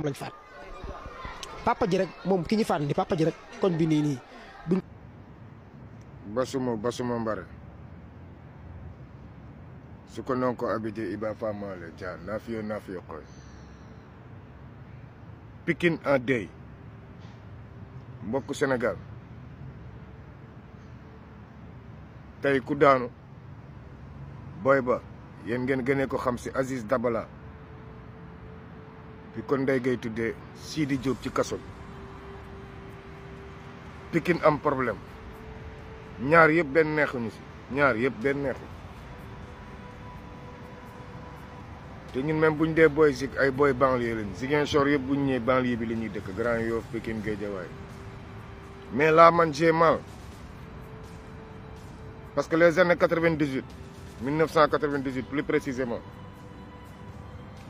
mom lañ faat papa ji rek mom ki di papa ji rek koñ bi ni ni duñ basuma basuma mbare su ko non ko abide iba famale ja nafiyo nafio ko pikin a day mbok senegal tay ku daanu boy ba yen ngeen gënee ko xam ci Aziz Dabala bi kon Ndeye Gueye tuddee di Diop ci kaso bi Pikine am problème ñaar yëpp benn neexuñu si ñaar yëpp benn neexu te ñun même bu ñu dee booy si ay booy banlieue lañ Ziguinchor yëpp bu ñu ñëwee banlieue bi li ñuy dëkk Grand Yoff Pikine Guédiawaye mais là man j'ai mal parce que les années quatre-vingt-dix-huit plus précisément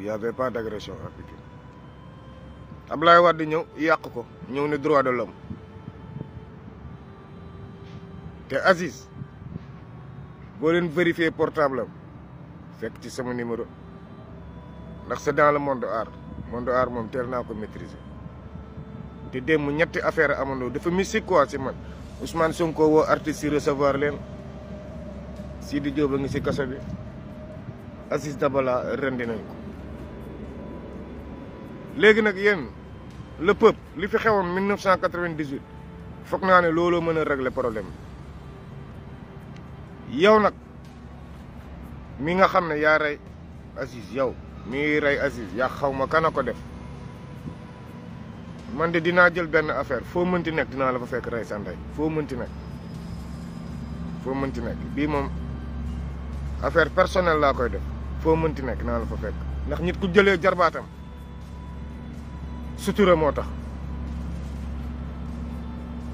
Il n'y avait pas d'agression à Pékin. Ablaye Wade ñëw yak ko ñëw ni droit de l'homme te Aziz bo len vérifier portable fek ci sama numéro ndax c'est dans le monde art monde art mom terna ko maîtriser té dem ñetti affaire amono dafa mystique quoi ci man Ousmane Sonko wo artiste recevoir len Sidi Diop nga ci bi Aziz Dabala rendi nañ ko léegi nag yenn le li fi xewoon 1998 foog naa ne looloo mën a régler problème yow nag mi nga xam ne yaa rey Aziz yow mi rey Aziz yaa xaw ma kan ko def man de dinaa jël benn affaire foo mënti nekk dinaa la fa fekk rey sa ndey foo mënti nekk foo mënti nekk bii moom affaire personnelle laa koy def foo mënti nekk dinaa la fa fekk ndax nit ku jëlee jarbaatam sutura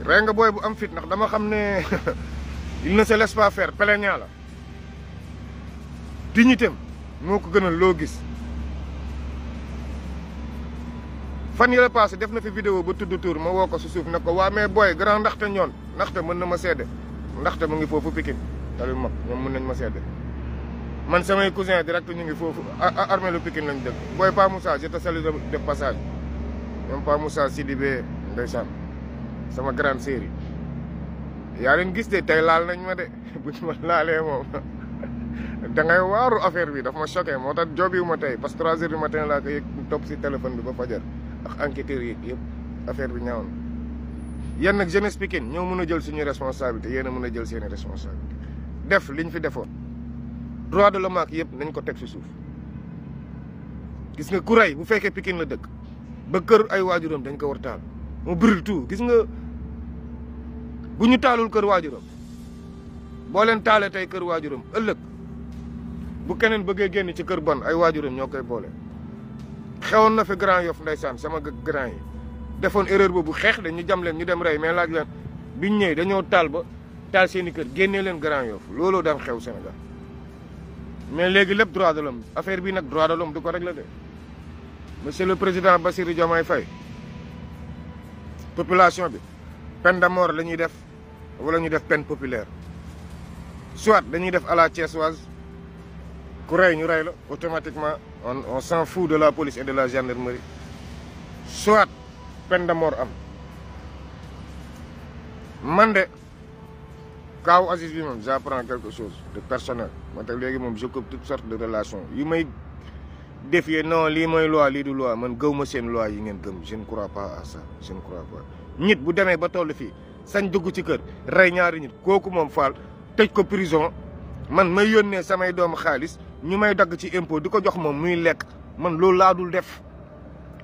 renga boy bu am fit nak dama il ne se laisse pas faire plaignant la dignité moko gënal lo gis fan yële passé def na fi vidéo ba tuddu tour ma woko suuf ne wa grand ndaxte ñoon ndaxte na ma ndaxte mu ngi fofu mën nañ ma man samay cousin direct ñu ngi Pa Moussa je de passage ñoom Pa Moussa Sidibé ndeysaan sama grande série ya leen gis de tey laal nañ ma de buñ ma laalee ya, moom da ngay waaru affaire bi dafa ya. ma choqué moo tax jobiwu ma tey parce que 3 heures du matin iya, ko si téléphone bi ba fajar ak enquêteurs yi yëpp iya, affaire bi ñaawoon yéen ya, nag jeunesse Pikine ñoo mën a jël suñu responsabilité yéen iya, a jël responsabilité def liñ fi defoon droit de l'homme ak yëpp nañ ko teg si suuf gis nga ku rey bu fekkee Pikine la dëkk ba kër ay wajuram dañ ko war taal mo brûle tout gis nga buñu taalul kër wajuram bo len taalé tay kër wajuram ëllëg bu keneen bëggee genn ci kër bon ay wajuram ñokay bolé xewon na fi Grand yof ndaysan sama grand yi defoon erreur bu xex dañu jam len ñu dem ray mais laj len biñ ñëw dañoo taal ba taal seeni kër genné len Grand yof lolo daan xew senegal mais légui lepp droit de l'homme affaire bi nak droit de l'homme du ko monsieur le président Bassirou Diomaye Faye population peine de mort la peine populaire soit dañuy def à la thiessoise automatiquement on s'en fout de la police et de la gendarmerie soit peine de mort am man de Aziz j'apprends quelque chose de personnel je coupe toutes sortes de relations défier non lii mooy loi lii du loi man gëw seen loi yi ngeen gëm je ne pas à ça je ne crois pas nit bu demee ba toll fii sañ dugg ci kër rey ñaari nit kooku moom faal tëj ko prison man may yónnee samay doomu xaalis ñu may dagg ci impôt di ko jox moom muy lekk man loolu laa dul def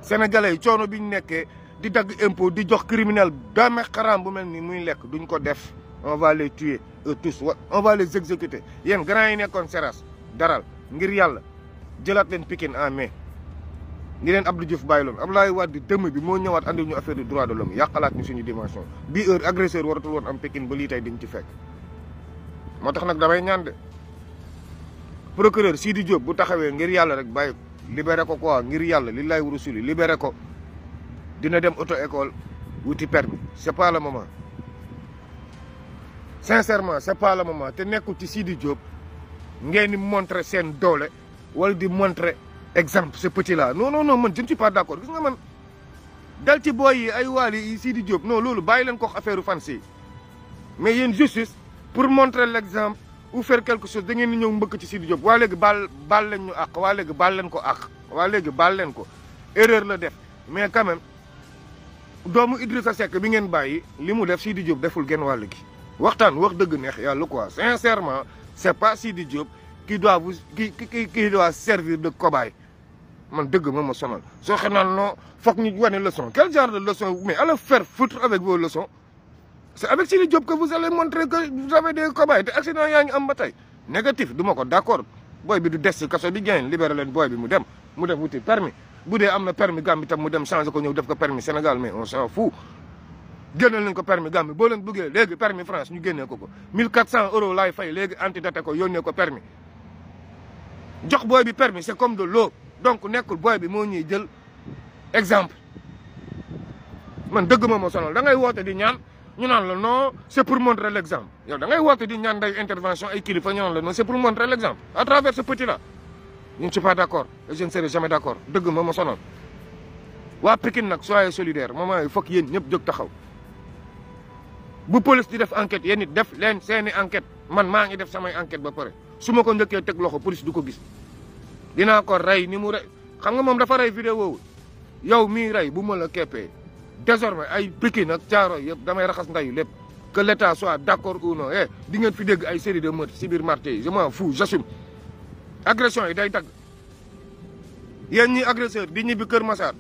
sénégalais yi coono bi ñu nekkee di dagg impôt di jox criminel dame xaraam bu mel ni muy lekk duñ ko def on va les tuer eux tous wa on va les exécuter yéen grand yi nekkoon seras daral ngir yàlla jëlaat leen Pikine en mai ni leen Abdou Diouf bàyyi laay Abdoulaye di dëmm bi moo ñëwaat andil ñu affaire du droit de l'homme yàqalaat ñu suñu dimension bii heure agresseur waratul woon am Pikine ba lii tey diñ ci fekk moo tax nag damay ñaan de procureur Sidi Diop bu taxawee ngir yàlla rek bàyyi libéré ko quoi ngir yàlla li lay wuru suli libéré ko dina dem auto école wuti permis c'est pas le moment sincèrement c'est pas moment te nekkul ci Sidi Diop ngeen di montré seen doole wala di montrer exemple ce petit là non non non man je ne suis pas d'accord accord gis nga man dal ci booy yi ay waal yi Sidi job non loolu bàyyi leen ko affaire fancy mais yéen justice pour montrer l'exemple ou faire quelque chose da ngeen di ñëw ci Sidi job waa léegi bal baal leen ñu àq waa léegi baal ko àq waa léegi baal ko erreur la def mais quand même doomu Idrissa Seck bi ngeen bayyi limu def Sidi job deful gen walu gi waxtan wax deug neex yalla quoi sincèrement c'est pas Sidi job qui doit vous qui qui qui doit servir de cobaye man deug ma ma sonal so xénal non foog ñu wane leçon quel genre de leçon mais allez faire foutre avec vos leçons c'est avec ces job que vous allez montrer que vous avez des cobayes te accident yaa ngi am ba négatif du ko d'accord Boy, bi du des si kaso bi génn libérer le boy bi mu dem mu def outil permis boudé amna permis Gambie tam mu dem changer ko ñeu def ko permis Sénégal mais on s'en fout gënal nañ ko permis Gambie bo leen bëggé légui permis France ñu gënné ko ko 1400 euros lay fay léegi antidaté ko yónnee ko permis c'est comme de l'eau donc nekul boy bi mo ñuy jël exemple man dëgg ma ma sonal da ngay woté di ñaan ñu nan non c'est pour montrer l'exemple yow da ngay woté di ñaan day intervention ay kilifa non c'est pour montrer l'exemple à travers ce petit là ñu ne pas d'accord je ne serai jamais d'accord soyez solidaire il faut que vous soyez taxaw bu police di def enquête yeen nit def enquête man ma ngi def sama enquête suma ma ko njëkkee teg loxo police du ko gis dina ko rey ni mu rey xam nga moom dafa rey vidéo woowu yow mi rey bu ma la keppee désormais ay Pikine nag caaro yëpp damay raxas ndayu lépp que l' état soit d' accord ou non eh, di ngeen fi dégg ay série de meurtres si biir marché yi je m'en fous agression yi day dag yéen ñi agresseur di ñibbi Kër Massar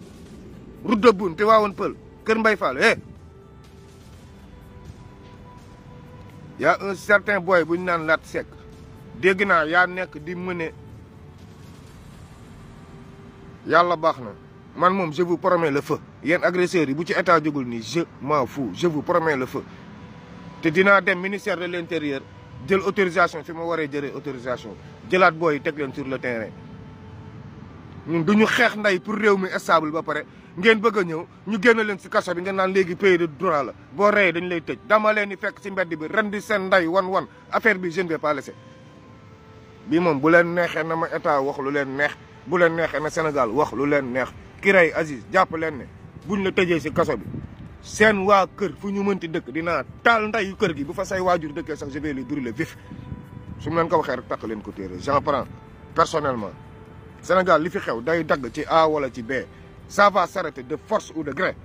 route de te waawoon Pël Kër Mbay Fall eh y' un certain boy bu ñu naan laat sek dégg ya nek di mené yalla baxna man mom je vous promets le feu yéen agresseurs yi bu ci état djogul ni je m'en fous je vous promets le feu te dina dem ministère de l'intérieur, de l'autorisation, autorisation fi ma waré jëlee autorisation jëlaat boy teg leen sur le terrain ñun duñu xex nday pour rewmi stable ba paré ngeen bëgg a ñëw ñu génn leen ci kaso bi ngeen naan légui pays de droit la bo reyee dañ lay tëj dama leen ni fekk ci mbedd bi ren sen nday wan wan affaire bi je ne vais pas laisser bi moom bu leen neexee na ma état wax lu leen neex bu leen neexee na Sénégal wax lu leen neex ki rey Aziz jàpp leen ne buñ la tëjee si kaso bi seen waa kër fu ñu mënti dëkk dinaa taal ndeyu kër gi bu fa say waajur dëkkee sax je vais les brûler su mu leen ko waxee rek takk leen ko téere j'en prends personnellement Sénégal li fi xew day dagg ci A wala ci B ça va s'arrêter de force ou de gré